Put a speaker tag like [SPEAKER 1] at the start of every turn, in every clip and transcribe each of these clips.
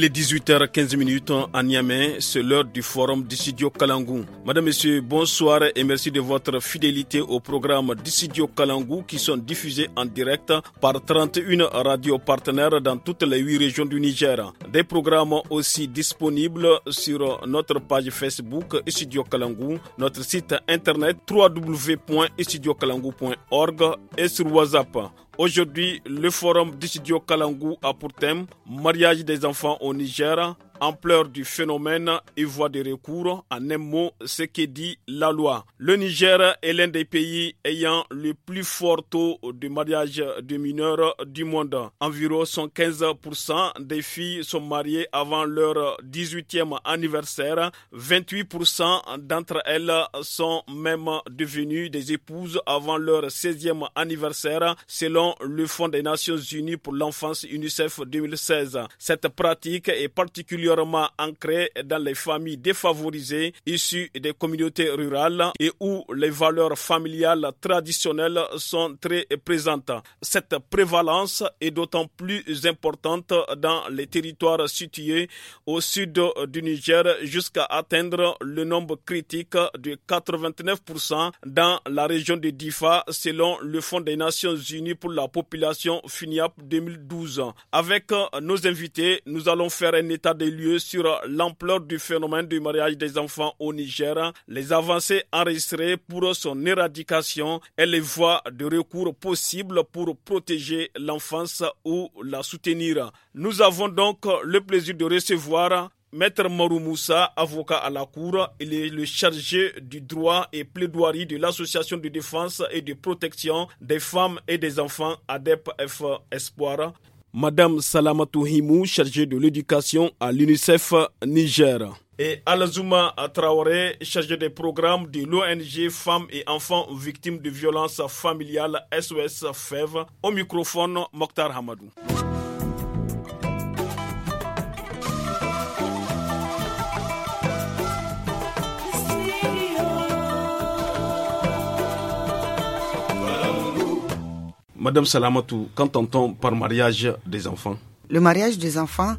[SPEAKER 1] Il est 18h15 en Niamey, c'est l'heure du forum Dissidio Kalangou. Madame, Monsieur, bonsoir et merci de votre fidélité au programme Dissidio Kalangou qui sont diffusés en direct par 31 radios partenaires dans toutes les 8 régions du Niger. Des programmes aussi disponibles sur notre page Facebook Studio Kalangou, notre site internet www.studiokalangou.org et sur WhatsApp. Aujourd'hui, le forum d'Issidio Kalangou a pour thème Mariage des enfants au Niger, ampleur du phénomène et voie de recours, en un mot, ce que dit la loi. Le Niger est l'un des pays ayant le plus fort taux de mariage de mineurs du monde. Environ 115% des filles sont mariées avant leur 18e anniversaire. 28% d'entre elles sont même devenues des épouses avant leur 16e anniversaire, selon le Fonds des Nations Unies pour l'enfance UNICEF 2016. Cette pratique est particulièrement Ancré ancrée dans les familles défavorisées issues des communautés rurales et où les valeurs familiales traditionnelles sont très présentes. Cette prévalence est d'autant plus importante dans les territoires situés au sud du Niger jusqu'à atteindre le nombre critique de 89% dans la région de Difa selon le Fonds des Nations Unies pour la population FINIAP 2012. Avec nos invités, nous allons faire un état des lieux sur l'ampleur du phénomène du mariage des enfants au Niger, les avancées enregistrées pour son éradication et les voies de recours possibles pour protéger l'enfance ou la soutenir. Nous avons donc le plaisir de recevoir Maître Marou avocat à la Cour, il est le chargé du droit et plaidoirie de l'Association de défense et de protection des femmes et des enfants ADEP F Espoir. Madame Salamatou Himou, chargée de l'éducation à l'UNICEF Niger et Alazuma Traoré, chargée des programmes de l'ONG Femmes et Enfants Victimes de Violences Familiales SOS FEV, au microphone Mokhtar Hamadou. Madame Salamatou, qu'entend-on par mariage des enfants
[SPEAKER 2] Le mariage des enfants,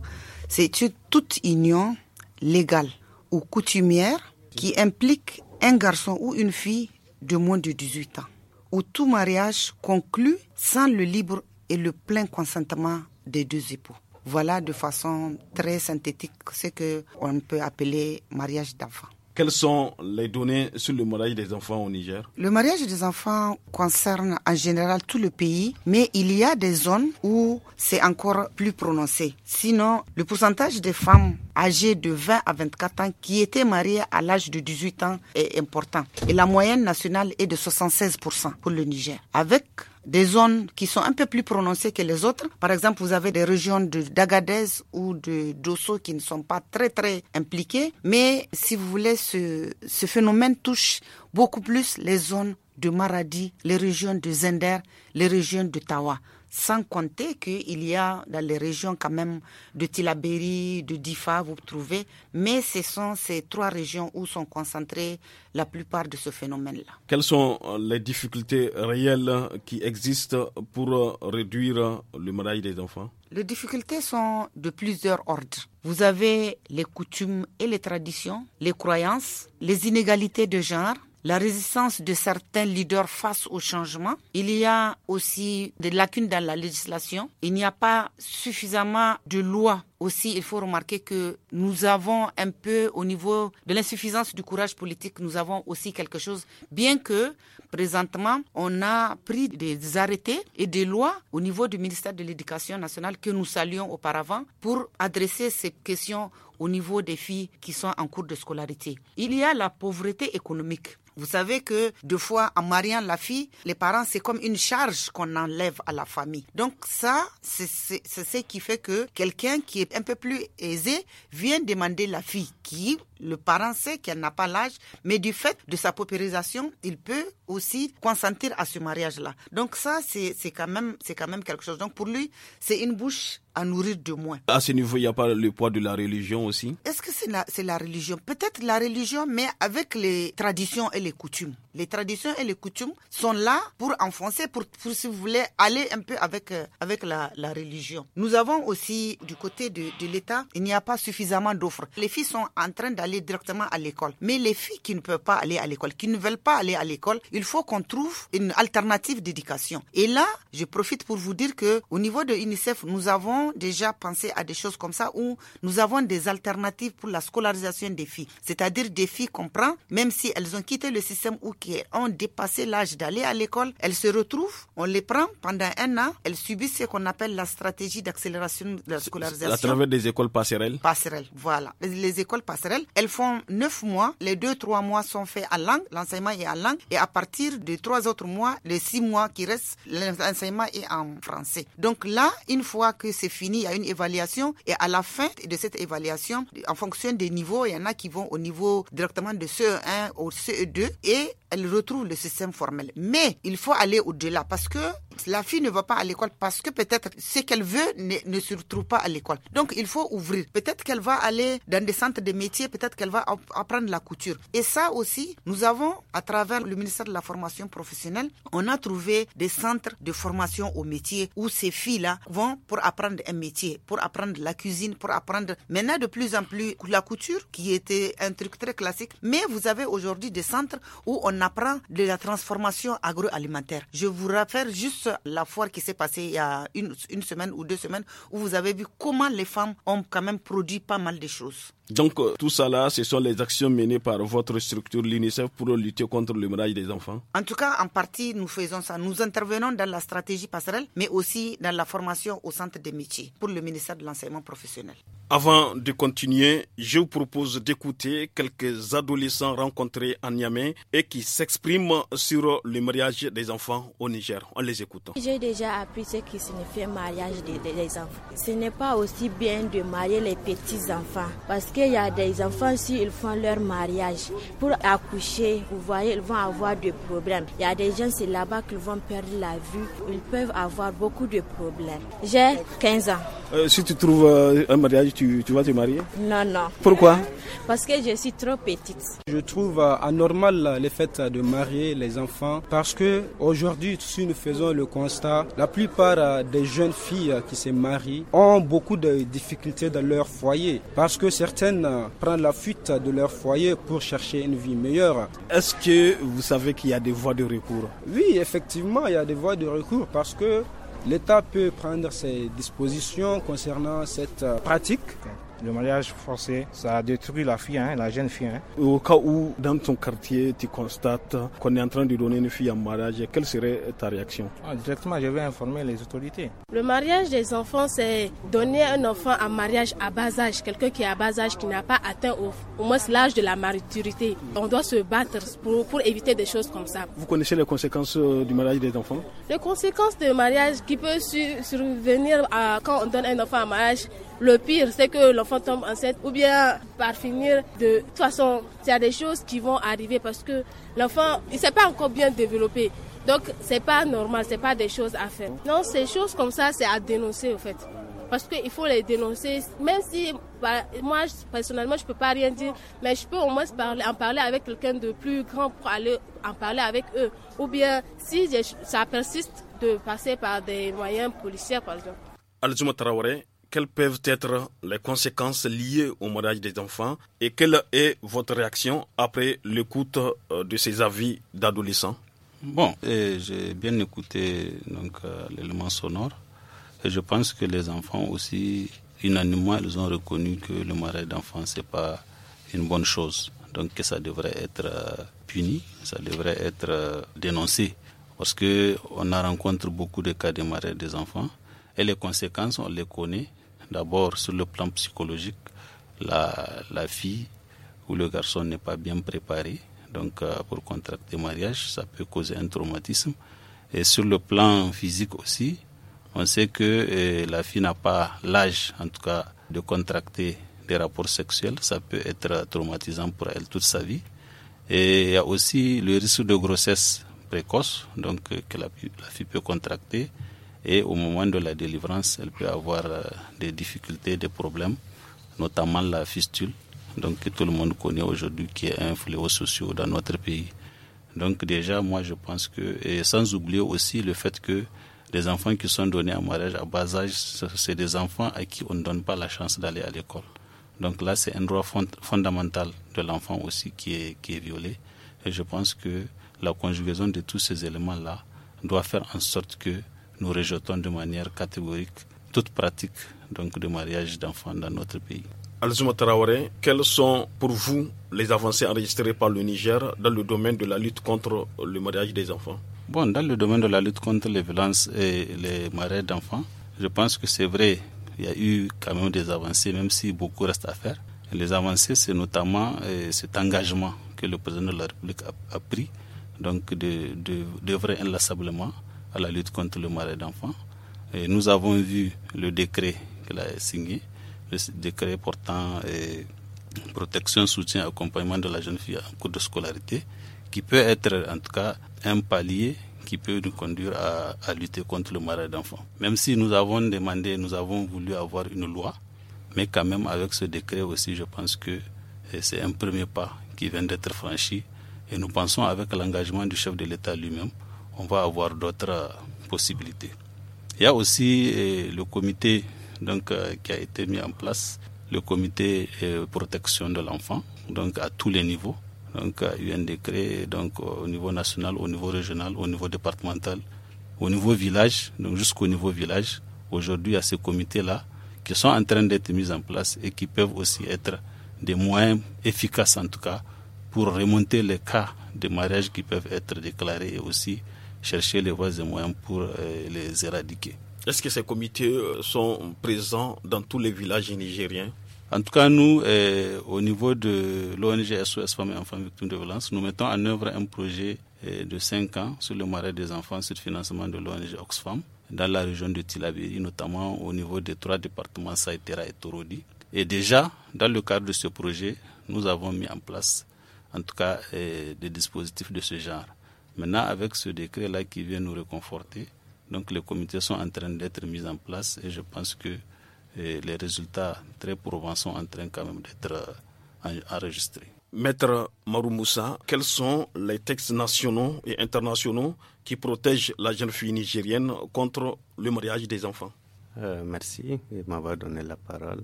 [SPEAKER 2] c'est toute union légale ou coutumière qui implique un garçon ou une fille de moins de 18 ans, ou tout mariage conclu sans le libre et le plein consentement des deux époux. Voilà de façon très synthétique ce que peut appeler mariage d'enfants.
[SPEAKER 1] Quelles sont les données sur le mariage des enfants au Niger
[SPEAKER 2] Le mariage des enfants concerne en général tout le pays, mais il y a des zones où c'est encore plus prononcé. Sinon, le pourcentage des femmes âgées de 20 à 24 ans qui étaient mariées à l'âge de 18 ans est important. Et la moyenne nationale est de 76% pour le Niger. Avec des zones qui sont un peu plus prononcées que les autres. Par exemple, vous avez des régions d'Agadez ou de Dosso qui ne sont pas très très impliquées. Mais si vous voulez, ce phénomène touche beaucoup plus les zones de Maradi, les régions de Zender, les régions de Tawa. Sans compter qu'il y a dans les régions quand même de Tilaberi, de Difa, vous trouvez, mais ce sont ces trois régions où sont concentrées la plupart de ce phénomène-là.
[SPEAKER 1] Quelles sont euh, les difficultés réelles qui existent pour euh, réduire euh, le mariage des enfants
[SPEAKER 2] Les difficultés sont de plusieurs ordres. Vous avez les coutumes et les traditions, les croyances, les inégalités de genre, la résistance de certains leaders face au changement. Il y a aussi des lacunes dans la législation. Il n'y a pas suffisamment de lois. Aussi, il faut remarquer que nous avons un peu, au niveau de l'insuffisance du courage politique, nous avons aussi quelque chose, bien que présentement, on a pris des arrêtés et des lois au niveau du ministère de l'Éducation nationale que nous saluons auparavant pour adresser ces questions au niveau des filles qui sont en cours de scolarité. Il y a la pauvreté économique. Vous savez que deux fois, en mariant la fille, les parents, c'est comme une charge qu'on enlève à la famille. Donc ça, c'est ce qui fait que quelqu'un qui est un peu plus aisé vient demander la fille qui, le parent sait qu'elle n'a pas l'âge, mais du fait de sa paupérisation, il peut aussi consentir à ce mariage-là. Donc ça, c'est quand, même, quand même quelque chose. Donc pour lui, c'est une bouche à nourrir de moins.
[SPEAKER 1] À ce niveau, il n'y a pas le poids de la religion aussi
[SPEAKER 2] Est-ce que c'est la, la, religion Peut-être la religion, mais avec les traditions et les coutumes. Les traditions et les coutumes sont là pour enfoncer, pour, si vous voulez, aller un peu avec, euh, avec la, religion. Nous avons aussi, du côté de, de l'État, il n'y a pas suffisamment d'offres. Les filles sont en train d'aller directement à l'école. Mais les filles qui ne peuvent pas aller à l'école, qui ne veulent pas aller à l'école, il faut qu'on trouve une alternative d'éducation. Et là, je profite pour vous dire que au niveau de UNICEF, nous avons déjà pensé à des choses comme ça où nous avons des alternatives pour la scolarisation des filles. C'est-à-dire des filles qu'on prend, même si elles ont quitté le système ou qui ont dépassé l'âge d'aller à l'école, elles se retrouvent, on les prend pendant un an, elles subissent ce qu'on appelle la stratégie d'accélération de la scolarisation. À travers
[SPEAKER 1] des écoles passerelles
[SPEAKER 2] Passerelles, voilà. Les écoles passerelles passerelle. Elles font neuf mois. Les deux, trois mois sont faits à langue. L'enseignement est à langue. Et à partir des trois autres mois, les six mois qui restent, l'enseignement est en français. Donc là, une fois que c'est fini, il y a une évaluation. Et à la fin de cette évaluation, en fonction des niveaux, il y en a qui vont au niveau directement de CE1 au CE2 et elles retrouvent le système formel. Mais il faut aller au-delà parce que la fille ne va pas à l'école parce que peut-être ce qu'elle veut ne, ne se retrouve pas à l'école. Donc il faut ouvrir. Peut-être qu'elle va aller dans des centres de des métiers, peut-être qu'elle va apprendre la couture. Et ça aussi, nous avons, à travers le ministère de la formation professionnelle, on a trouvé des centres de formation au métier où ces filles-là vont pour apprendre un métier, pour apprendre la cuisine, pour apprendre maintenant de plus en plus la couture, qui était un truc très classique. Mais vous avez aujourd'hui des centres où on apprend de la transformation agroalimentaire. Je vous rappelle juste la foire qui s'est passée il y a une, une semaine ou deux semaines où vous avez vu comment les femmes ont quand même produit pas mal de choses.
[SPEAKER 1] Donc euh, tout ça là, ce sont les actions menées par votre structure, l'UNICEF, pour lutter contre le mariage des enfants.
[SPEAKER 2] En tout cas, en partie, nous faisons ça. Nous intervenons dans la stratégie passerelle, mais aussi dans la formation au centre des métiers pour le ministère de l'enseignement professionnel.
[SPEAKER 1] Avant de continuer, je vous propose d'écouter quelques adolescents rencontrés en Niamey et qui s'expriment sur le mariage des enfants au Niger. On les écoute.
[SPEAKER 2] J'ai déjà appris ce qui signifie mariage des, des enfants. Ce n'est pas aussi bien de marier les petits enfants parce que il y a des enfants, s'ils font leur mariage pour accoucher, vous voyez, ils vont avoir
[SPEAKER 3] des problèmes. Il y a des gens, c'est là-bas qu'ils vont perdre la vue. Ils peuvent avoir beaucoup de problèmes.
[SPEAKER 2] J'ai 15 ans.
[SPEAKER 1] Euh, si tu trouves euh, un mariage, tu, vas te marier
[SPEAKER 2] Non, non. Pourquoi Parce que je suis trop petite.
[SPEAKER 1] Je trouve euh, anormal le fait de marier les enfants parce que aujourd'hui, si nous faisons le constat, la plupart des jeunes filles qui se marient ont beaucoup de difficultés dans leur foyer parce que certaines Prendre la fuite de leur foyer pour chercher une vie meilleure. Est-ce que vous savez qu'il y a des voies de recours Oui, effectivement, il y a des voies de recours parce que l'État peut prendre ses dispositions concernant cette euh, pratique le mariage forcé, ça a détruit la fille, hein, la jeune fille. Hein. Au cas où, dans ton quartier, tu constates qu'on est en train de donner une fille en mariage, quelle serait ta réaction
[SPEAKER 4] ah, Directement, je vais informer les autorités. Le mariage des enfants, c'est donner un enfant en mariage à bas âge, quelqu'un qui est à bas âge, qui n'a pas atteint au, moins l'âge de la maturité. On doit se battre pour, éviter des choses comme ça.
[SPEAKER 1] Vous connaissez les conséquences euh, du mariage des enfants
[SPEAKER 4] Les conséquences du mariage qui peut survenir euh, quand on donne un enfant en mariage, le pire, c'est que l'enfant tombe enceinte ou bien par finir de, toute façon, il y a des choses qui vont arriver parce que l'enfant, il ne s'est pas encore bien développé. Donc, ce n'est pas normal, c'est pas des choses à faire. Non, ces choses comme ça, c'est à dénoncer, au fait. Parce qu'il faut les dénoncer, même si bah, moi, personnellement, je peux pas rien dire, mais je peux au moins parler, en parler avec quelqu'un de plus grand pour aller en parler avec eux. Ou bien, si ça persiste, de passer par des moyens policiers, par exemple
[SPEAKER 1] quelles peuvent être les conséquences liées au mariage des enfants et quelle est votre réaction après l'écoute euh, de ces avis d'adolescents Bon, j'ai bien écouté donc euh, l'élément sonore
[SPEAKER 4] et je pense que les enfants aussi, unanimement, ils ont reconnu que le mariage d'enfants, ce n'est pas une bonne chose. Donc que ça devrait être euh, puni, ça devrait être dénoncé. Parce qu'on rencontre beaucoup de cas de mariage des enfants et les conséquences, on les connaît. D'abord, sur le plan psychologique, la, la fille ou le garçon n'est pas bien préparé. Donc, euh, pour contracter mariage, ça peut causer un traumatisme. Et sur le plan physique aussi, on sait que eh, la fille n'a pas l'âge, en tout cas, de contracter des rapports sexuels. Ça peut être traumatisant pour elle toute sa vie. Et il y a aussi le risque de grossesse précoce, donc euh, que la fille peut contracter et au moment de la délivrance, elle peut avoir euh, des difficultés, des problèmes, notamment la fistule, donc que tout le monde connaît aujourd'hui, qui est un fléau social dans notre pays. Donc déjà, moi, je pense que, et sans oublier aussi le fait que les enfants qui sont donnés en mariage à bas âge, c'est des enfants à qui on ne donne pas la chance d'aller à l'école. Donc là, c'est un droit fondamental de l'enfant aussi qui est, qui est violé. Et je pense que la conjugaison de tous ces éléments-là doit faire en sorte que nous rejetons de manière catégorique toute pratique donc, de mariage d'enfants dans notre pays.
[SPEAKER 1] Alzuma Traoré, quelles sont pour vous les avancées enregistrées par le Niger dans le domaine de la lutte contre le mariage des enfants
[SPEAKER 4] Bon, dans le domaine de la lutte contre les violences et les mariages d'enfants, je pense que c'est vrai, il y a eu quand même des avancées, même si beaucoup reste à faire. les avancées, c'est notamment euh, cet engagement que le président de la République a, pris, donc de, de, inlassablement à la lutte contre le marais d'enfants. Et nous avons vu le décret qu'elle a signé, le décret portant euh, protection, soutien, accompagnement de la jeune fille en cours de scolarité, qui peut être en tout cas un palier qui peut nous conduire à, à lutter contre le marais d'enfants. Même si nous avons demandé, nous avons voulu avoir une loi, mais quand même avec ce décret aussi, je pense que euh, c'est un premier pas qui vient d'être franchi. Et nous pensons avec l'engagement du chef de l'État lui-même on va avoir d'autres euh, possibilités. Il y a aussi euh, le comité donc, euh, qui a été mis en place, le comité protection de l'enfant, donc à tous les niveaux. Donc, un décret donc, au niveau national, au niveau régional, au niveau départemental, au niveau village, donc jusqu'au niveau village. Aujourd'hui, il y a ces comités-là qui sont en train d'être mis en place et qui peuvent aussi être des moyens efficaces, en tout cas, pour remonter les cas de mariage qui peuvent être déclarés et aussi chercher les voies et moyens pour euh, les éradiquer. Est-ce que ces comités euh, sont présents dans tous les villages nigériens en tout cas, nous, euh, au niveau de l'ONG SOS Femmes et Enfants Victimes de Violence, nous mettons en œuvre un projet de 5 ans sur le marais des enfants sur le financement de l'ONG Oxfam dans la région de Tilabiri, notamment au niveau des trois départements Saïtera et Torodi. Et déjà, dans le cadre de ce projet, nous avons mis en place, en tout cas, des dispositifs de ce genre. Maintenant, avec ce décret-là qui vient nous réconforter, donc les comités sont en train d'être mis en place et je pense que eh, les résultats très probants sont en train quand même d'être
[SPEAKER 1] euh, enregistrés. Maître Maroumoussa, quels sont les textes nationaux et internationaux qui protègent la jeune fille nigérienne contre le mariage des enfants
[SPEAKER 3] euh, Merci de m'avoir donné la parole.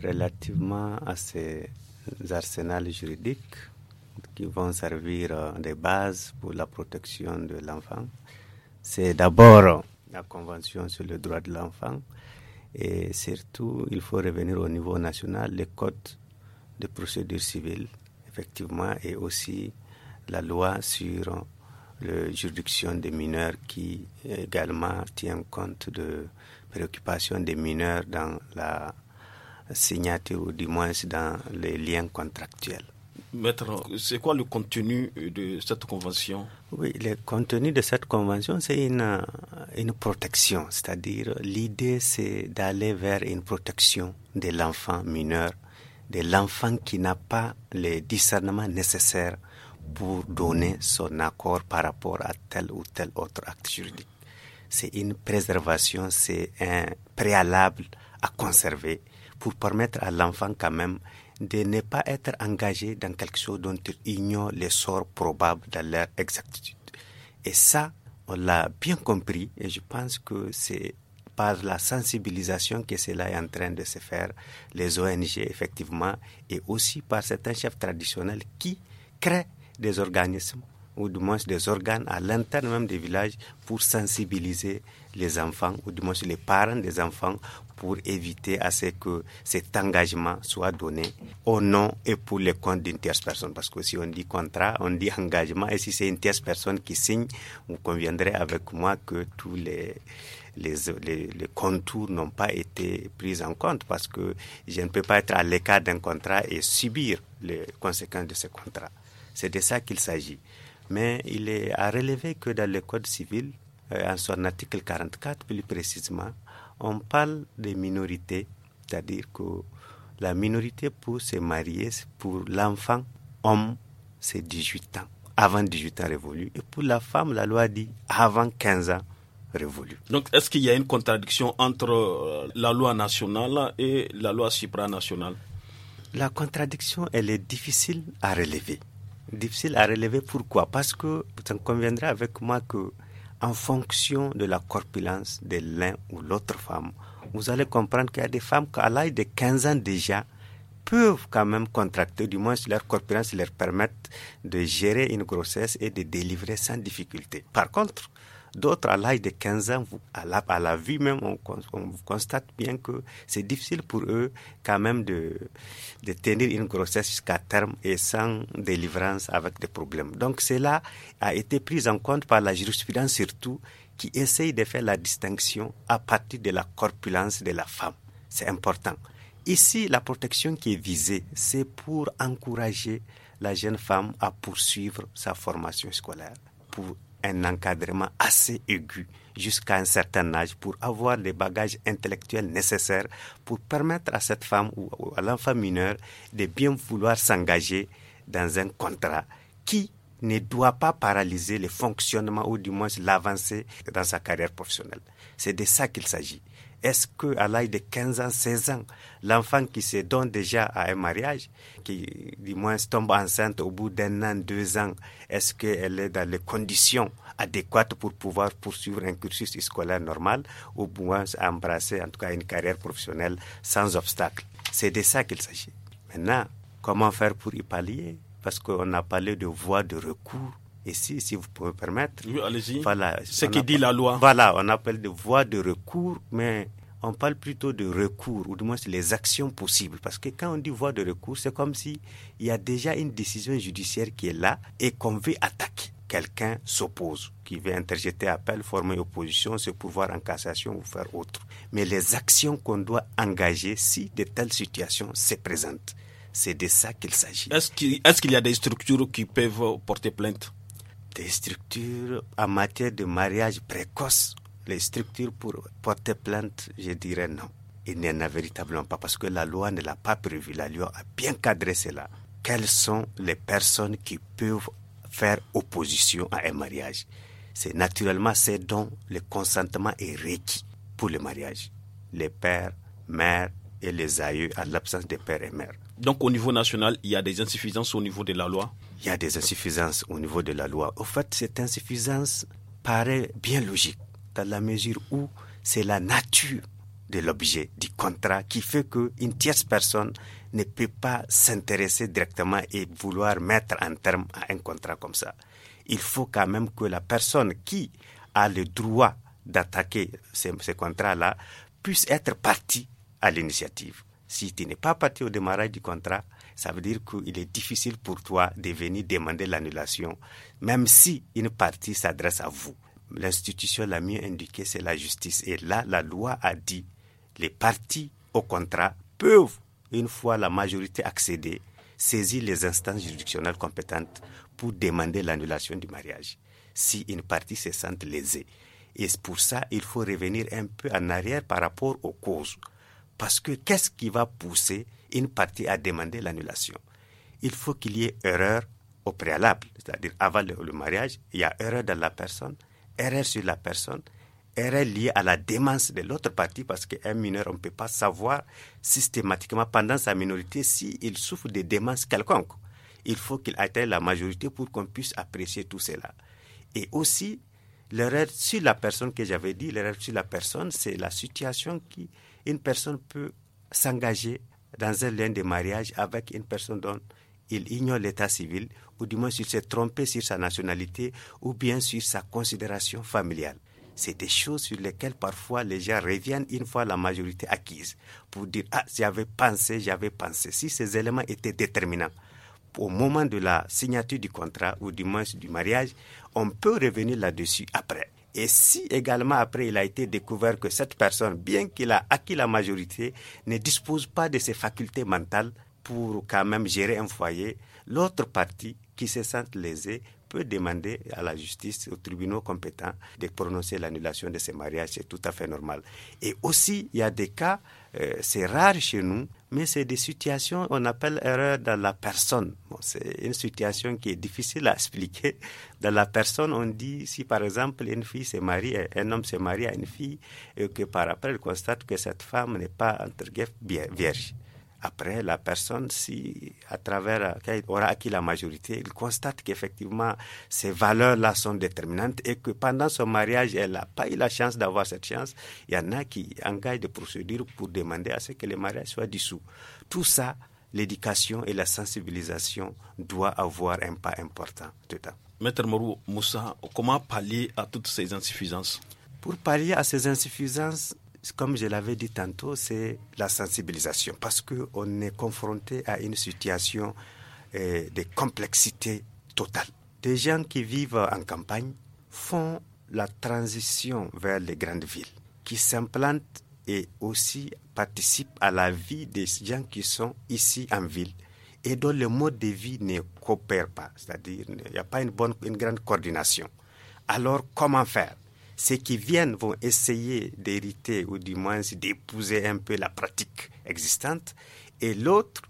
[SPEAKER 3] Relativement à ces arsenaux juridiques, qui vont servir euh, de base pour la protection de l'enfant. C'est d'abord la Convention sur le droit de l'enfant et surtout, il faut revenir au niveau national, les codes de procédure civile, effectivement, et aussi la loi sur la juridiction des mineurs qui également tient compte de préoccupations des mineurs dans la signature ou du moins dans les liens contractuels.
[SPEAKER 1] Maître, c'est quoi le contenu de cette convention
[SPEAKER 3] Oui, le contenu de cette convention, c'est une, une protection, c'est-à-dire l'idée, c'est d'aller vers une protection de l'enfant mineur, de l'enfant qui n'a pas le discernement nécessaire pour donner son accord par rapport à tel ou tel autre acte juridique. C'est une préservation, c'est un préalable à conserver pour permettre à l'enfant quand même de ne pas être engagé dans quelque chose dont ils ignorent les sorts probables dans leur exactitude. Et ça, on l'a bien compris et je pense que c'est par la sensibilisation que cela est en train de se faire, les ONG effectivement, et aussi par certains chefs traditionnels qui créent des organismes ou du moins des organes à l'intérieur même des villages pour sensibiliser les enfants, ou du moins sur les parents des enfants, pour éviter à ce que cet engagement soit donné au nom et pour le compte d'une tierce personne. Parce que si on dit contrat, on dit engagement, et si c'est une tierce personne qui signe, vous conviendrez avec moi que tous les, les, les, les contours n'ont pas été pris en compte parce que je ne peux pas être à l'écart d'un contrat et subir les conséquences de ce contrat. C'est de ça qu'il s'agit. Mais il est à relever que dans le Code civil, euh, en son article 44 plus précisément, on parle des minorités, c'est-à-dire que la minorité pour se marier, pour l'enfant homme, c'est 18 ans, avant 18 ans révolu. Et pour la femme, la loi dit avant 15 ans révolu.
[SPEAKER 1] Donc, est-ce qu'il y a une contradiction
[SPEAKER 3] entre euh, la loi nationale et la loi supranationale La contradiction, elle est difficile à relever. Difficile à relever, pourquoi Parce que, vous en conviendrez avec moi que en fonction de la corpulence de l'un ou l'autre femme, vous allez comprendre qu'il y a des femmes à l'âge de 15 ans déjà, peuvent quand même contracter, du moins leur corpulence leur permet de gérer une grossesse et de délivrer sans difficulté. Par contre, D'autres, à l'âge de 15 ans, à la, la vue même, on, constate bien que c'est difficile pour eux quand même de, tenir une grossesse jusqu'à terme et sans délivrance avec des problèmes. Donc cela a été pris en compte par la jurisprudence surtout qui essaye de faire la distinction à partir de la corpulence de la femme. C'est important. Ici, la protection qui est visée, c'est pour encourager la jeune femme à poursuivre sa formation scolaire, pour un encadrement assez aigu jusqu'à un certain âge pour avoir les bagages intellectuels nécessaires pour permettre à cette femme ou à l'enfant mineur de bien vouloir s'engager dans un contrat qui ne doit pas paralyser le fonctionnement ou du moins l'avancée dans sa carrière professionnelle. C'est de ça qu'il s'agit. Est-ce que à l'âge de 15 ans, 16 ans, l'enfant qui se donne déjà à un mariage, qui du moins tombe enceinte au bout d'un an, deux ans, est-ce qu'elle est dans les conditions adéquates pour pouvoir poursuivre un cursus scolaire normal ou moins embrasser en tout cas une carrière professionnelle sans obstacle. C'est de ça qu'il s'agit. Maintenant, comment faire pour y pallier Parce qu'on a parlé de voies de recours et si vous pouvez permettre. Voilà, Ce qui dit la loi. Voilà, on appelle de voie de recours, mais on parle plutôt de recours, ou du moins les actions possibles. Parce que quand on dit voie de recours, c'est comme s'il il y a déjà une décision judiciaire qui est là et qu'on veut attaquer. Quelqu'un s'oppose, qui veut interjeter appel, former opposition, se pouvoir en cassation ou faire autre. Mais les actions qu'on doit engager si de telles situations se présentent, c'est de ça qu'il s'agit. Est-ce qu'il y a des structures qui peuvent porter plainte des structures en matière de mariage précoce, les structures pour porter plainte, je dirais non. Il n'y en a véritablement pas parce que la loi ne l'a pas prévu. La loi a bien cadré cela. Quelles sont les personnes qui peuvent faire opposition à un mariage C'est naturellement c'est dont le consentement est requis pour le mariage. Les pères, mères et les aïeux à l'absence de pères et mères. Donc au niveau national, il y a des insuffisances au niveau de la loi il y a des insuffisances au niveau de la loi. Au fait, cette insuffisance paraît bien logique, dans la mesure où c'est la nature de l'objet du contrat qui fait qu'une tierce personne ne peut pas s'intéresser directement et vouloir mettre un terme à un contrat comme ça. Il faut quand même que la personne qui a le droit d'attaquer ce contrat contrats-là puisse être partie à l'initiative. Si tu n'es pas partie au démarrage du contrat, ça veut dire qu'il est difficile pour toi de venir demander l'annulation, même si une partie s'adresse à vous. L'institution l'a mieux indiquée, c'est la justice. Et là, la loi a dit, les parties au contrat peuvent, une fois la majorité accédée, saisir les instances juridictionnelles compétentes pour demander l'annulation du mariage, si une partie se sent lésée. Et pour ça, il faut revenir un peu en arrière par rapport aux causes. Parce que qu'est-ce qui va pousser une partie a demandé l'annulation. Il faut qu'il y ait erreur au préalable, c'est-à-dire avant le, mariage, il y a erreur dans la personne, erreur sur la personne, erreur liée à la démence de l'autre partie, parce qu'un mineur, on ne peut pas savoir systématiquement pendant sa minorité s'il souffre de démence quelconque. Il faut qu'il atteigne la majorité pour qu'on puisse apprécier tout cela. Et aussi, l'erreur sur la personne que j'avais dit, l'erreur sur la personne, c'est la situation qui une personne peut s'engager dans un lien de mariage avec une personne dont il ignore l'état civil, ou du moins s'il s'est trompé sur sa nationalité, ou bien sur sa considération familiale. C'est des choses sur lesquelles parfois les gens reviennent une fois la majorité acquise pour dire Ah, j'avais pensé, j'avais pensé. Si ces éléments étaient déterminants au moment de la signature du contrat ou du moins du mariage, on peut revenir là-dessus après. Et si également après il a été découvert que cette personne, bien qu'il a acquis la majorité, ne dispose pas de ses facultés mentales pour quand même gérer un foyer, l'autre partie qui se sent lésée peut demander à la justice, aux tribunaux compétents, de prononcer l'annulation de ces mariages. C'est tout à fait normal. Et aussi, il y a des cas, euh, c'est rare chez nous, mais c'est des situations, on appelle erreur dans la personne. c'est une situation qui est difficile à expliquer. Dans la personne, on dit si par exemple une fille se marie, un homme se marie à une fille, et que par après, elle constate que cette femme n'est pas, entre guillemets, vierge. Après, la personne, si à travers, quand aura acquis la majorité, il constate qu'effectivement, ces valeurs-là sont déterminantes et que pendant son mariage, elle n'a pas eu la chance d'avoir cette chance. Il y en a qui engagent des procédures pour demander à ce que le mariage soit dissous. Tout ça, l'éducation et la sensibilisation doivent avoir un pas important. Maître Mourou, Moussa, comment pallier à toutes ces insuffisances Pour pallier à ces insuffisances, comme je l'avais dit tantôt, c'est la sensibilisation, parce qu'on est confronté à une situation eh, de complexité totale. Des gens qui vivent en campagne font la transition vers les grandes villes, qui s'implantent et aussi participent à la vie des gens qui sont ici en ville et dont le mode de vie ne coopère pas, c'est-à-dire il n'y a pas une grande coordination. Alors comment faire ceux qui viennent vont essayer d'hériter ou du moins d'épouser un peu la pratique existante. Et l'autre,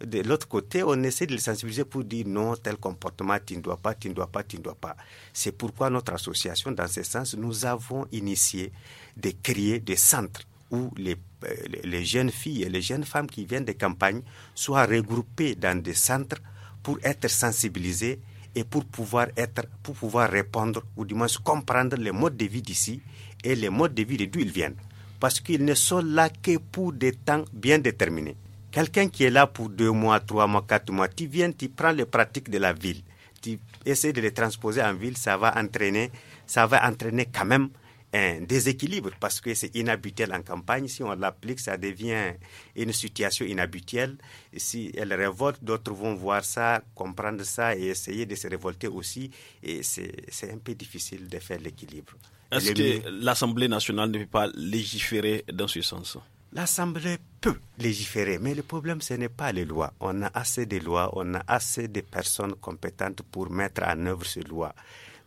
[SPEAKER 3] de l'autre côté, on essaie de les sensibiliser pour dire non, tel comportement, tu ne dois pas, tu ne dois pas, tu ne dois pas. C'est pourquoi notre association, dans ce sens, nous avons initié de créer des centres où les, euh, les jeunes filles et les jeunes femmes qui viennent des campagnes soient regroupées dans des centres pour être sensibilisées et pour pouvoir être, pour pouvoir répondre ou du moins comprendre les modes de vie d'ici et les modes de vie d'où ils viennent. Parce qu'ils ne sont là que pour des temps bien déterminés. Quelqu'un qui est là pour deux mois, trois mois, quatre mois, tu viens, tu prends les pratiques de la ville, tu essaies de les transposer en ville, ça va entraîner, ça va entraîner quand même un déséquilibre parce que c'est inhabituel en campagne. Si on l'applique, ça devient une situation inhabituelle. Et si elle révolte, d'autres vont voir ça, comprendre ça et essayer de se révolter aussi. Et c'est un peu difficile de faire l'équilibre. Est-ce que l'Assemblée nationale ne peut pas légiférer dans ce sens L'Assemblée peut légiférer, mais le problème, ce n'est pas les lois. On a assez de lois, on a assez de personnes compétentes pour mettre en œuvre ces lois.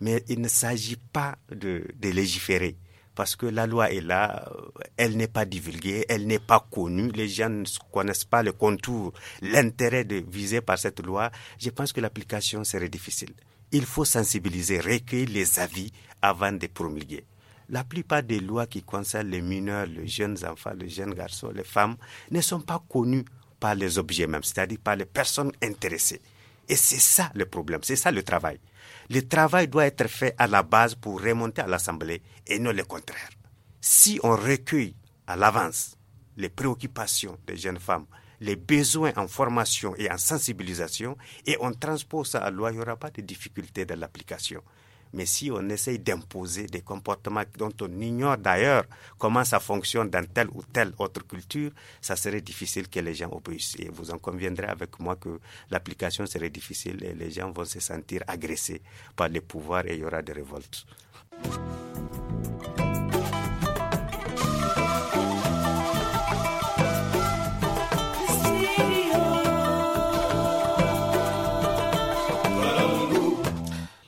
[SPEAKER 3] Mais il ne s'agit pas de, légiférer. Parce que la loi est là, euh, elle n'est pas divulguée, elle n'est pas connue, les gens ne connaissent pas le contour, l'intérêt de visé par cette loi. Je pense que l'application serait difficile. Il faut sensibiliser, recueillir les avis avant de promulguer la plupart des lois qui concernent les mineurs, les jeunes enfants, les jeunes garçons, les femmes, ne sont pas connues par les objets même, c'est-à-dire par les personnes intéressées. Et c'est ça le problème, c'est ça le travail le travail doit être fait à la base pour remonter à l'Assemblée et non le contraire. Si on recueille à l'avance les préoccupations des jeunes femmes, les besoins en formation et en sensibilisation, et on transpose ça à la loi, il n'y aura pas de difficultés dans l'application. Mais si on essaye d'imposer des comportements dont on ignore d'ailleurs comment ça fonctionne dans telle ou telle autre culture, ça serait difficile que les gens obéissent. Et vous en conviendrez avec moi que l'application serait difficile et les gens vont se sentir agressés par les pouvoirs et il y aura des
[SPEAKER 2] révoltes.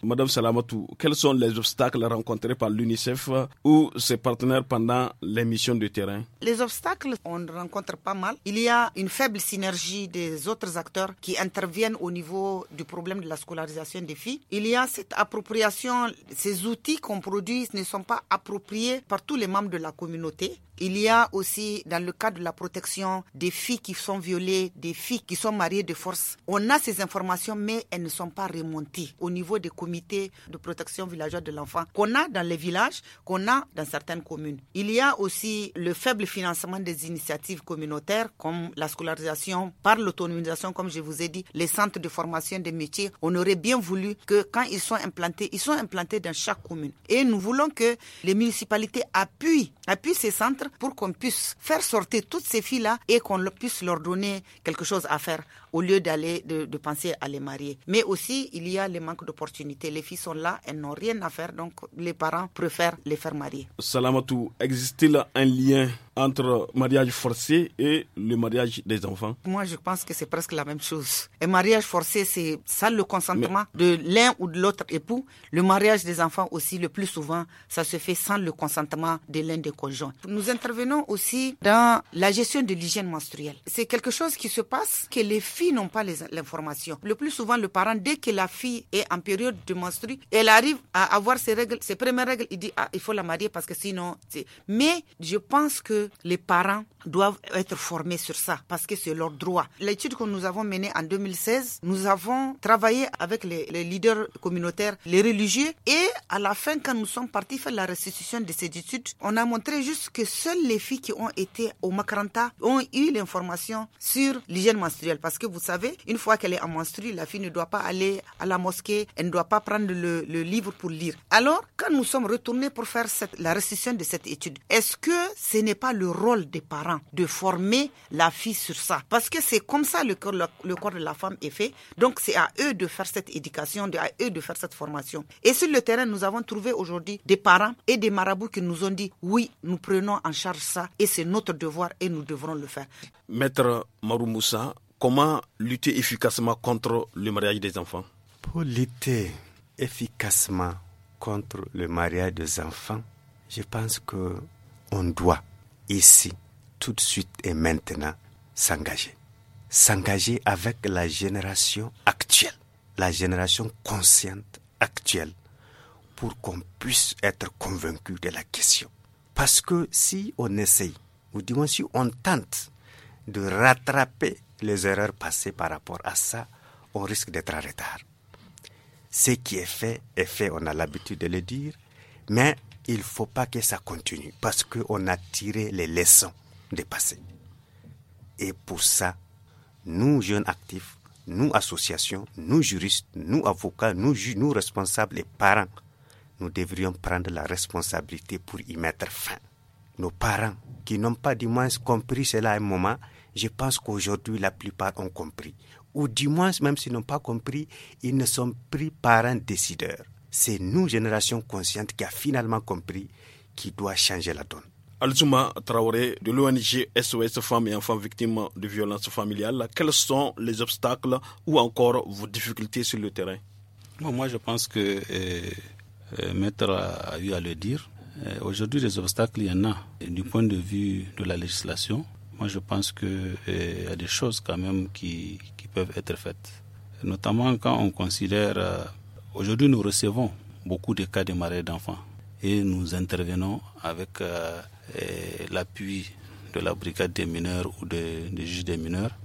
[SPEAKER 1] Madame Salamatou, quels sont les obstacles rencontrés par l'UNICEF ou ses partenaires pendant les missions de terrain
[SPEAKER 2] Les obstacles, on rencontre pas mal. Il y a une faible synergie des autres acteurs qui interviennent au niveau du problème de la scolarisation des filles. Il y a cette appropriation, ces outils qu'on produit ne sont pas appropriés par tous les membres de la communauté. Il y a aussi, dans le cadre de la protection, des filles qui sont violées, des filles qui sont mariées de force. On a ces informations, mais elles ne sont pas remontées au niveau des comités de protection villageoise de l'enfant qu'on a dans les villages, qu'on a dans certaines communes. Il y a aussi le faible financement des initiatives communautaires, comme la scolarisation par l'autonomisation, comme je vous ai dit, les centres de formation des métiers. On aurait bien voulu que quand ils sont implantés, ils sont implantés dans chaque commune. Et nous voulons que les municipalités appuient, appuient ces centres pour qu'on puisse faire sortir toutes ces filles-là et qu'on puisse leur donner quelque chose à faire au lieu d'aller de, penser à les marier. Mais aussi, il y a le manque d'opportunités. Les filles sont là, elles n'ont rien à faire, donc les parents préfèrent les faire marier.
[SPEAKER 1] Salamatou, existe-t-il un lien entre mariage forcé et le mariage des enfants
[SPEAKER 2] Moi, je pense que c'est presque la même chose. Un mariage forcé, c'est ça le consentement de l'un ou de l'autre époux. Le mariage des enfants aussi, le plus souvent, ça se fait sans le consentement de l'un des conjoints. Nous intervenons aussi dans la gestion de l'hygiène menstruelle. C'est quelque chose qui se passe que les filles n'ont pas l'information. Le plus souvent, le parent, dès que la fille est en période de menstru, elle arrive à avoir ses règles, ses premières règles, il dit, ah, il faut la marier parce que sinon, mais je pense que les parents doivent être formés sur ça parce que c'est leur droit. L'étude que nous avons menée en 2016, nous avons travaillé avec les, leaders communautaires, les religieux et à la fin, quand nous sommes partis faire la restitution de cette étude, on a montré juste que seules les filles qui ont été au Makranta ont eu l'information sur l'hygiène menstruelle parce que vous savez, une fois qu'elle est en menstrue, la fille ne doit pas aller à la mosquée, elle ne doit pas prendre le, le livre pour lire. Alors, quand nous sommes retournés pour faire cette, la restitution de cette étude, est-ce que ce n'est pas le rôle des parents de former la fille sur ça. Parce que c'est comme ça le corps, le, corps de la femme est fait. Donc c'est à eux de faire cette éducation, à eux de faire cette formation. Et sur le terrain, nous avons trouvé aujourd'hui des parents et des marabouts qui nous ont dit oui, nous prenons en charge ça et c'est notre devoir et nous devrons le faire.
[SPEAKER 1] Maître Maroumoussa, comment lutter efficacement contre le mariage des enfants
[SPEAKER 3] Pour lutter efficacement contre le mariage des enfants, je pense que on doit ici tout de suite et maintenant s'engager. S'engager avec la génération actuelle, la génération consciente actuelle, pour qu'on puisse être convaincu de la question. Parce que si on essaye, ou du moins si on tente de rattraper les erreurs passées par rapport à ça, on risque d'être en retard. Ce qui est fait est fait, on a l'habitude de le dire, mais il ne faut pas que ça continue parce qu'on a tiré les leçons dépassé. Et pour ça, nous, jeunes actifs, nous, associations, nous, juristes, nous, avocats, nous, nous, responsables et parents, nous devrions prendre la responsabilité pour y mettre fin. Nos parents, qui n'ont pas du moins compris cela à un moment, je pense qu'aujourd'hui, la plupart ont compris. Ou du moins, même s'ils n'ont pas compris, ils ne sont pris un décideur. C'est nous, génération consciente, qui a finalement compris qui doit changer la donne.
[SPEAKER 1] Alzuma Traoré de l'ONG SOS Femmes et Enfants Victimes de Violences Familiales, quels sont les obstacles ou encore vos difficultés sur le terrain
[SPEAKER 4] Moi, je pense que M. Euh, euh, maître a, eu à le dire. Euh, aujourd'hui, les obstacles, il y en a. du point de vue de la législation, moi, je pense qu'il y a des choses quand même qui, peuvent être faites. Notamment quand on considère... Aujourd'hui, nous recevons beaucoup de cas de marée d'enfants et nous intervenons avec l'appui de la brigade des mineurs ou des juges des mineurs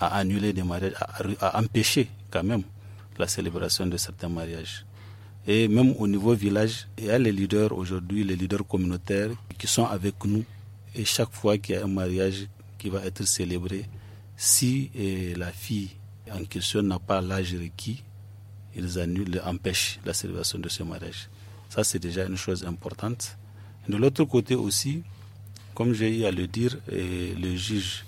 [SPEAKER 4] a annulé des mariages, a empêché quand même la célébration de certains mariages. Et même au niveau village, il y a les leaders aujourd'hui, les leaders communautaires qui sont avec nous. Et chaque fois qu'il y a un mariage qui va être célébré, si eh, la fille en question n'a pas l'âge requis, ils annulent, empêchent la célébration de ce mariage. Ça, c'est déjà une chose importante. De l'autre côté aussi, comme j'ai eu à le dire, eh, le juge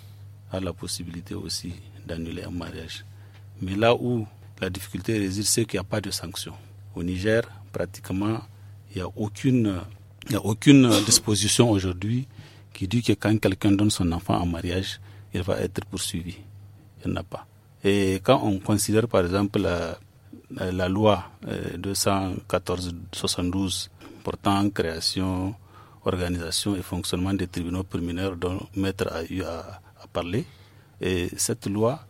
[SPEAKER 4] a la possibilité aussi d'annuler un mariage. Mais là où la difficulté réside, c'est qu'il n'y a pas de sanction. Au Niger, pratiquement, il n'y a aucune, a aucune disposition aujourd'hui qui dit que quand quelqu'un donne son enfant en mariage, il va être poursuivi. Il n'y en a pas. Et quand on considère par exemple la, la loi 214-72 eh, portant création organisation et fonctionnement des tribunaux pour mineurs dont Maître a eu à, parler. Et cette loi,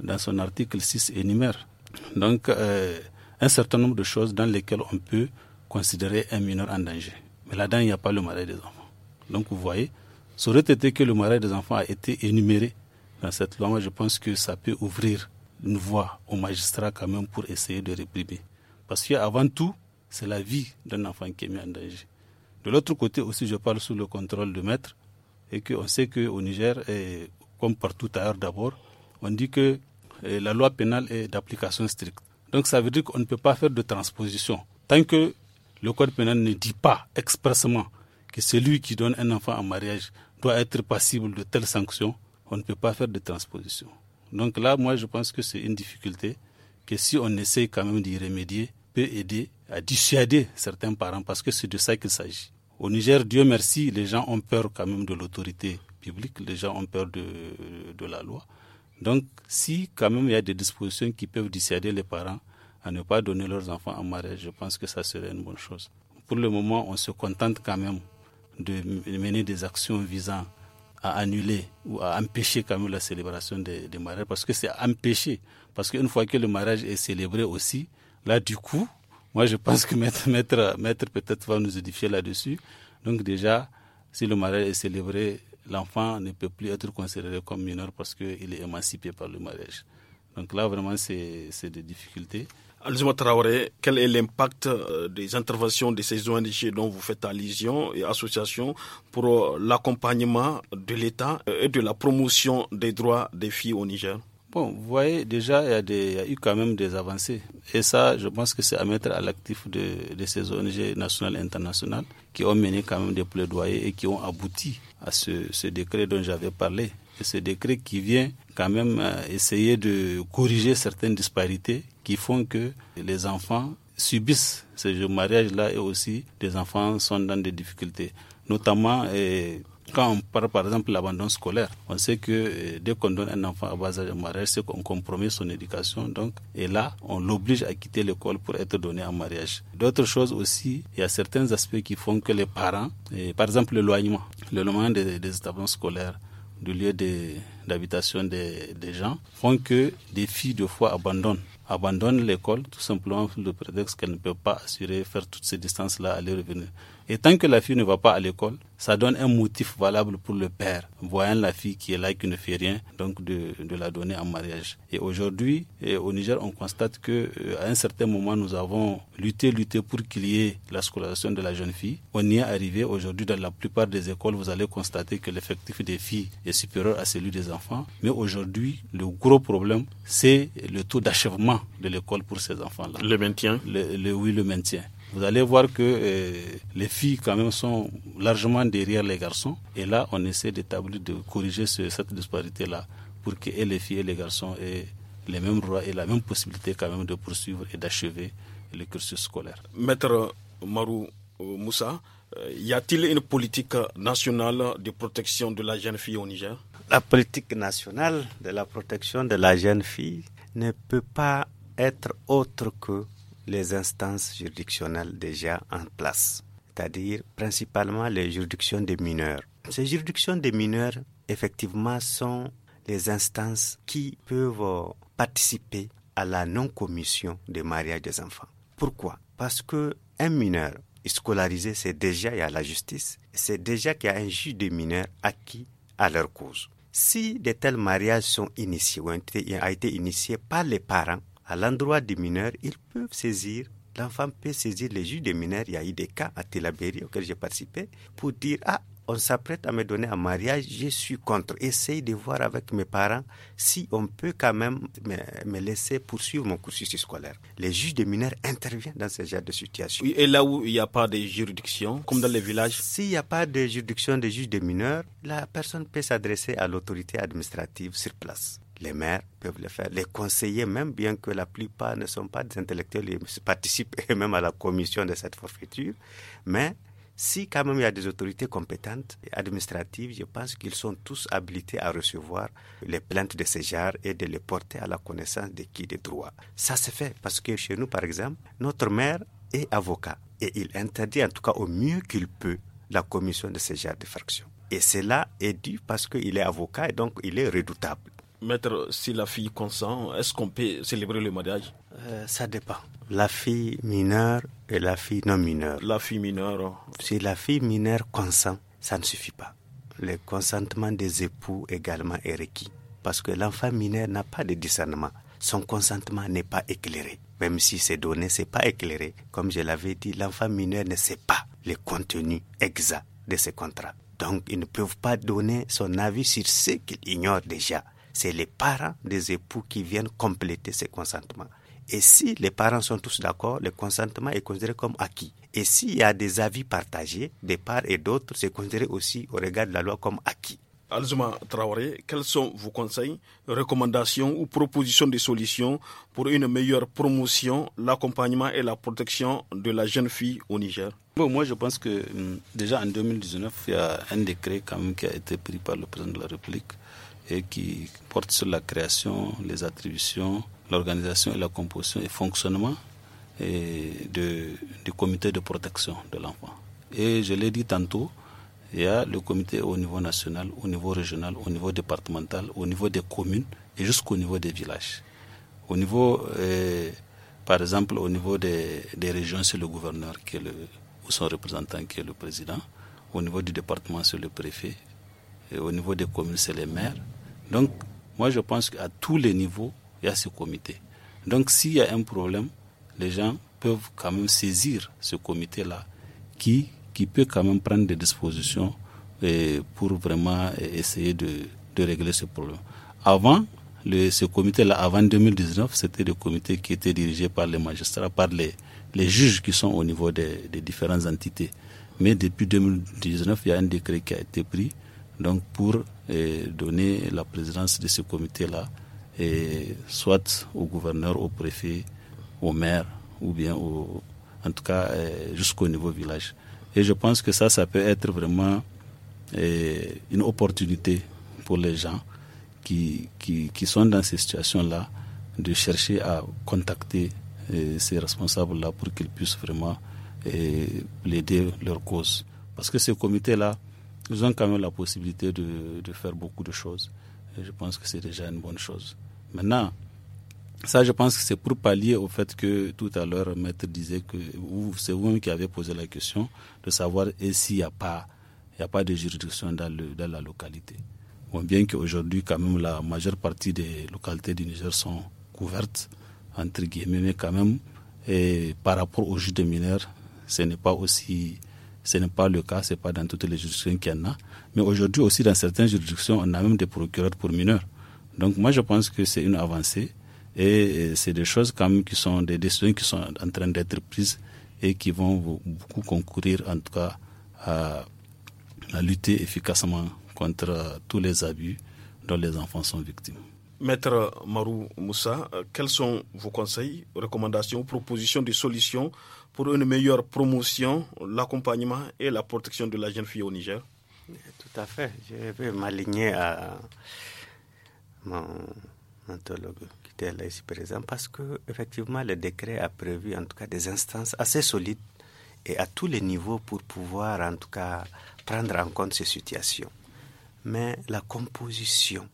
[SPEAKER 4] dans son article 6, énumère donc euh, un certain nombre de choses dans lesquelles on peut considérer un mineur en danger. Mais là-dedans, il n'y a pas le mariage des enfants. Donc vous voyez, ça aurait été que le mariage des enfants a été énuméré dans cette loi. Moi, je pense que ça peut ouvrir une voie aux magistrats quand même pour essayer de réprimer. Parce qu'avant tout, c'est la vie d'un enfant qui est mis en danger. De l'autre côté aussi, je parle sous le contrôle de maître et qu'on sait qu'au Niger, et comme partout ailleurs d'abord, on dit que la loi pénale est d'application stricte. Donc ça veut dire qu'on ne peut pas faire de transposition. Tant que le code pénal ne dit pas expressement que celui qui donne un enfant en mariage doit être passible de telles sanctions, on ne peut pas faire de transposition. Donc là, moi, je pense que c'est une difficulté que si on essaye quand même d'y remédier, peut aider à dissuader certains parents parce que c'est de ça qu'il s'agit. Au Niger, Dieu merci, les gens ont peur quand même de l'autorité publique, les gens ont peur de, la loi. Donc, si quand même il y a des dispositions qui peuvent dissuader les parents à ne pas donner leurs enfants en mariage, je pense que ça serait une bonne chose. Pour le moment, on se contente quand même de mener des actions visant à annuler ou à empêcher quand même la célébration des, mariages, parce que c'est empêché. Parce qu'une fois que le mariage est célébré aussi, là, du coup, moi, je pense que maître, maître, peut-être va nous édifier là-dessus. Donc déjà, si le mariage est célébré, l'enfant ne peut plus être considéré comme mineur parce qu'il est émancipé par le mariage. Donc là, vraiment,
[SPEAKER 1] c'est des difficultés. Alzima Traoré, quel est l'impact euh, des interventions de ces ONG dont vous faites allusion et association pour euh, l'accompagnement de l'État euh, et de la promotion des droits des filles au Niger Bon, vous voyez, déjà,
[SPEAKER 4] il y, a des, eu quand même des avancées. Et ça, je pense que c'est à mettre à l'actif de, ces ONG nationales et internationales qui ont mené quand même des plaidoyers et qui ont abouti à ce, décret dont j'avais parlé. Et ce décret qui vient quand même euh, essayer de corriger certaines disparités qui font que les enfants subissent ce mariage-là et aussi des enfants sont dans des difficultés. Notamment... Quand on parle par exemple de l'abandon scolaire, on sait que euh, dès qu'on donne un enfant à bas âge de mariage, c'est qu'on compromet son éducation. Donc, et là, on l'oblige à quitter l'école pour être donné en mariage. D'autres choses aussi, il y a certains aspects qui font que les parents, par exemple l'éloignement, l'éloignement des, des établissements scolaires, du lieu d'habitation des, des, gens font que des filles de fois abandonnent abandonnent l'école tout simplement sous le prétexte qu'elles ne peuvent pas assurer faire toutes ces distances là aller revenir et tant que la fille ne va pas à l'école, ça donne un motif valable pour le père, voyant la fille qui est là, et qui ne fait rien, donc de, la donner en mariage. Et aujourd'hui, au Niger, on constate que euh, à un certain moment, nous avons lutté, lutté pour qu'il y ait la scolarisation de la jeune fille. On y est arrivé. Aujourd'hui, dans la plupart des écoles, vous allez constater que l'effectif des filles est supérieur à celui des enfants. Mais aujourd'hui, le gros problème, c'est le taux d'achèvement de l'école pour ces enfants-là. Le maintien le, Oui, le maintien. Vous allez voir que euh, les filles quand même sont largement derrière les garçons. Et là, on essaie d'établir, de corriger cette disparité-là pour que les filles et les garçons aient les mêmes droits et la même possibilité quand même de poursuivre et d'achever
[SPEAKER 1] le cursus scolaire. Maître Marou euh, Moussa, euh, y a-t-il une politique nationale de protection de la jeune fille au Niger
[SPEAKER 3] La politique nationale de la protection de la jeune fille ne peut pas être autre que les instances juridictionnelles déjà en place, c'est-à-dire principalement les juridictions des mineurs. Ces juridictions des mineurs, effectivement, sont les instances qui peuvent participer à la non-commission des mariages des enfants. Pourquoi Parce que un mineur scolarisé, c'est déjà il y a la justice, c'est déjà qu'il y a un juge des mineurs acquis à leur cause. Si de tels mariages sont initiés ou ont été initiés par les parents, à l'endroit des mineurs, ils peuvent saisir, l'enfant peut saisir les juges des mineurs. Il y a eu des cas à Telabéry auxquels j'ai participé pour dire Ah, on s'apprête à me donner un mariage, je suis contre. Essaye de voir avec mes parents si on peut quand même me, laisser poursuivre mon cursus scolaire. Les juges des mineurs interviennent dans ce genre de situation. et là où il n'y a pas de juridiction, comme dans les villages S'il n'y a pas de juridiction des juges des mineurs, la personne peut s'adresser à l'autorité administrative sur place les maires peuvent le faire, les conseillers même, bien que la plupart ne sont pas des intellectuels, ils participent même à la commission de cette forfaiture, mais si quand même il y a des autorités compétentes et administratives, je pense qu'ils sont tous habilités à recevoir les plaintes de ces genres et de les porter à la connaissance de qui des droits. Ça se fait parce que chez nous, par exemple, notre maire est avocat et il interdit en tout cas au mieux qu'il peut la commission de ces genres de Et cela est dû parce qu'il est avocat et donc il est redoutable. Maître, si la fille consent, est-ce qu'on peut
[SPEAKER 1] célébrer le mariage euh, Ça dépend.
[SPEAKER 3] La fille mineure et la fille non mineure. La fille mineure. Si la fille mineure consent, ça ne suffit pas. Le consentement des époux également est requis. Parce que l'enfant mineur n'a pas de discernement. Son consentement n'est pas éclairé. Même si c'est donné, c'est pas éclairé. Comme je l'avais dit, l'enfant mineur ne sait pas le contenu exact de ses contrats. Donc, ils ne peuvent pas donner son avis sur ce qu'il ignore déjà c'est les parents des époux qui viennent compléter ces consentements. Et si les parents sont tous d'accord, le consentement est considéré comme acquis. Et s'il y a des avis partagés des parts et d'autres, c'est considéré aussi au regard de la loi comme acquis.
[SPEAKER 1] Alzuma Traoré, quels sont vos conseils, recommandations ou propositions de solutions pour une meilleure promotion, l'accompagnement et la protection de la jeune fille au Niger Moi, je pense que hum, déjà en 2019, il y a un décret quand qui a été pris par le
[SPEAKER 4] président de la République et qui porte sur la création, les attributions, l'organisation et la composition et fonctionnement du comité de protection de l'enfant. Et je l'ai dit tantôt, il y a le comité au niveau national, au niveau régional, au niveau départemental, au niveau des communes et jusqu'au niveau des villages. Au niveau, eh, par exemple, au niveau des, régions, c'est le gouverneur qui le, ou son représentant qui est le président. Au niveau du département, c'est le préfet. Et au niveau des communes, c'est les maires. Donc, moi, je pense qu'à tous les niveaux, il y a ce comité. Donc, s'il y a un problème, les gens peuvent quand même saisir ce comité-là qui, peut quand même prendre des dispositions pour vraiment essayer de, régler ce problème. Avant, le, ce comité-là, avant 2019, c'était le comité qui était dirigé par les magistrats, par les, juges qui sont au niveau des, des différentes entités. Mais depuis 2019, il y a un décret qui a été pris donc pour eh, donner la présidence de ce comité-là, eh, soit au gouverneur, au préfet, au maire, ou bien en tout cas eh, jusqu'au niveau village. Et je pense que ça, ça peut être vraiment une opportunité pour les gens qui, qui, qui sont dans ces situations-là de chercher à contacter ces responsables-là pour qu'ils puissent vraiment plaider leur cause. Parce que ce comité-là, nous avons quand même la possibilité de, de faire beaucoup de choses. Et je pense que c'est déjà une bonne chose. Maintenant, ça, je pense que c'est pour pallier au fait que tout à l'heure, Maître disait que c'est vous-même qui avez posé la question de savoir s'il n'y a pas il y a pas de juridiction dans, le, dans la localité. Bon, bien qu'aujourd'hui, quand même, la majeure partie des localités du Niger sont couvertes, entre guillemets, mais quand même, et par rapport au juge de mineurs, ce n'est pas aussi ce n'est pas le cas, ce n'est pas dans toutes les juridictions qu'il y en a. Mais aujourd'hui aussi, dans certaines juridictions, on a même des procureurs pour mineurs. Donc moi, je pense que c'est une avancée et c'est des choses quand même qui sont des décisions qui sont en train d'être prises et qui vont beaucoup concourir en tout cas à, lutter efficacement contre euh, tous les abus dont les enfants sont victimes.
[SPEAKER 1] Maître Marou Moussa, euh, quels sont vos conseils, recommandations, propositions de solutions pour une meilleure promotion,
[SPEAKER 3] l'accompagnement et la protection de la jeune fille au Niger eh, Tout à fait. Je vais m'aligner à mon anthologue qui était là ici présent parce que effectivement le décret a prévu en tout cas des instances assez solides et à tous les niveaux pour pouvoir en tout cas prendre en compte ces situations. Mais la composition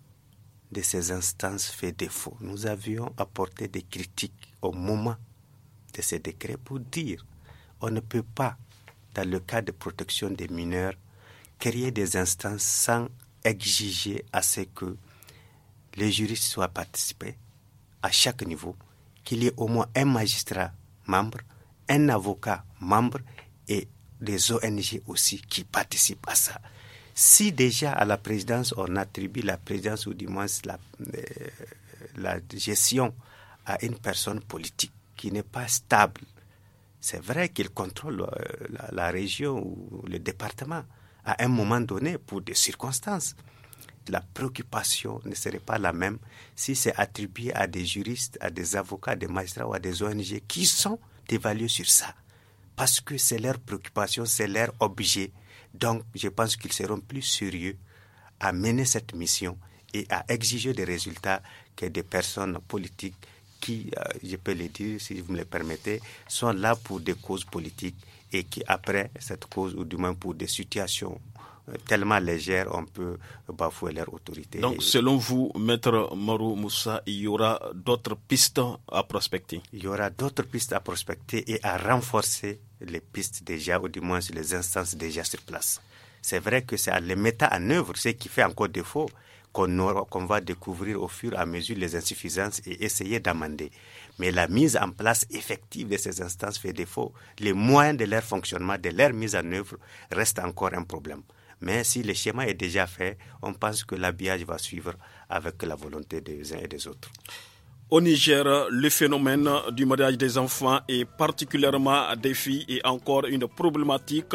[SPEAKER 3] de ces instances fait défaut. Nous avions apporté des critiques au moment de ces décrets pour dire on ne peut pas, dans le cas de protection des mineurs, créer des instances sans exiger à ce que les juristes soient participés à chaque niveau, qu'il y ait au moins un magistrat membre, un avocat membre et des ONG aussi qui participent à ça. Si déjà à la présidence, on attribue la présidence ou du moins la, euh, la gestion à une personne politique, qui n'est pas stable. C'est vrai qu'il contrôle euh, la, région ou le département à un moment donné pour des circonstances. La préoccupation ne serait pas la même si c'est attribué à des juristes, à des avocats, des magistrats ou à des ONG qui sont évalués sur ça. Parce que c'est leur préoccupation, c'est leur objet. Donc, je pense qu'ils seront plus sérieux à mener cette mission et à exiger des résultats que des personnes politiques qui, euh, je peux le dire si vous me le permettez, sont là pour des causes politiques et qui, après cette cause, ou du moins pour des situations euh, tellement légères, on peut bafouer leur autorité. Donc, selon vous, Maître Marou Moussa, il y aura d'autres pistes à prospecter Il y aura d'autres pistes à prospecter et à renforcer les pistes déjà, ou du moins les instances déjà sur place. C'est vrai que c'est à les mettre en œuvre, ce qui fait encore défaut qu'on va découvrir au fur et à mesure les insuffisances et essayer d'amender. Mais la mise en place effective de ces instances fait défaut. Les moyens de leur fonctionnement, de leur mise en œuvre, restent encore un problème. Mais si le schéma est déjà fait, on pense que l'habillage va suivre avec la volonté des uns et des autres. Au Niger, le
[SPEAKER 1] phénomène du mariage des enfants est particulièrement des filles est encore une problématique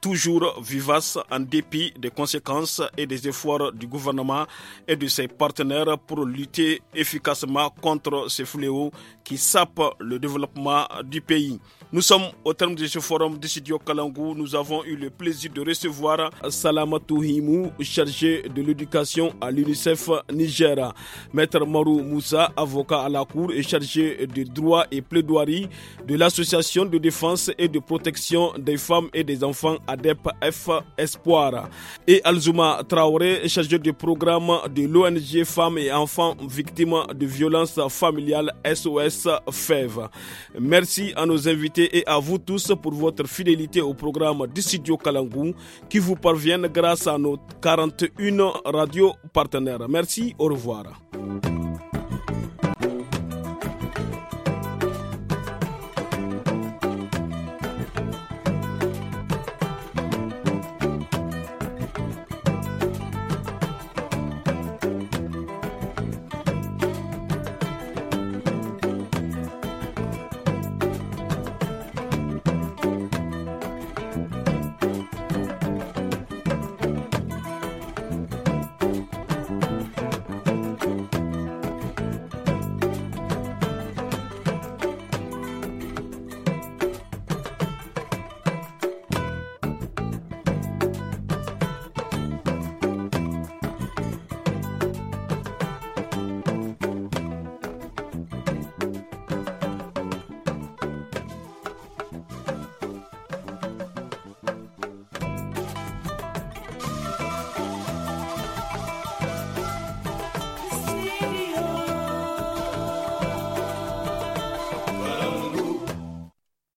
[SPEAKER 1] toujours vivace en dépit des conséquences et des efforts du gouvernement et de ses partenaires pour lutter efficacement contre ces fléaux qui sapent le développement du pays. Nous sommes au terme de ce forum de Studio Kalangou. Nous avons eu le plaisir de recevoir Salamatou Himou, chargé de l'éducation à l'UNICEF Niger. Maître Marou Moussa, avocat à la Cour et chargé de droit et plaidoirie de l'Association de défense et de protection des femmes et des enfants ADEP F Espoir. Et Alzuma Traoré, chargé du programme de l'ONG Femmes et Enfants Victimes de Violences Familiales SOS FEV. Merci à nos invités et à vous tous pour votre fidélité au programme du studio Kalangou qui vous parviennent grâce à nos 41 radios partenaires. Merci, au revoir.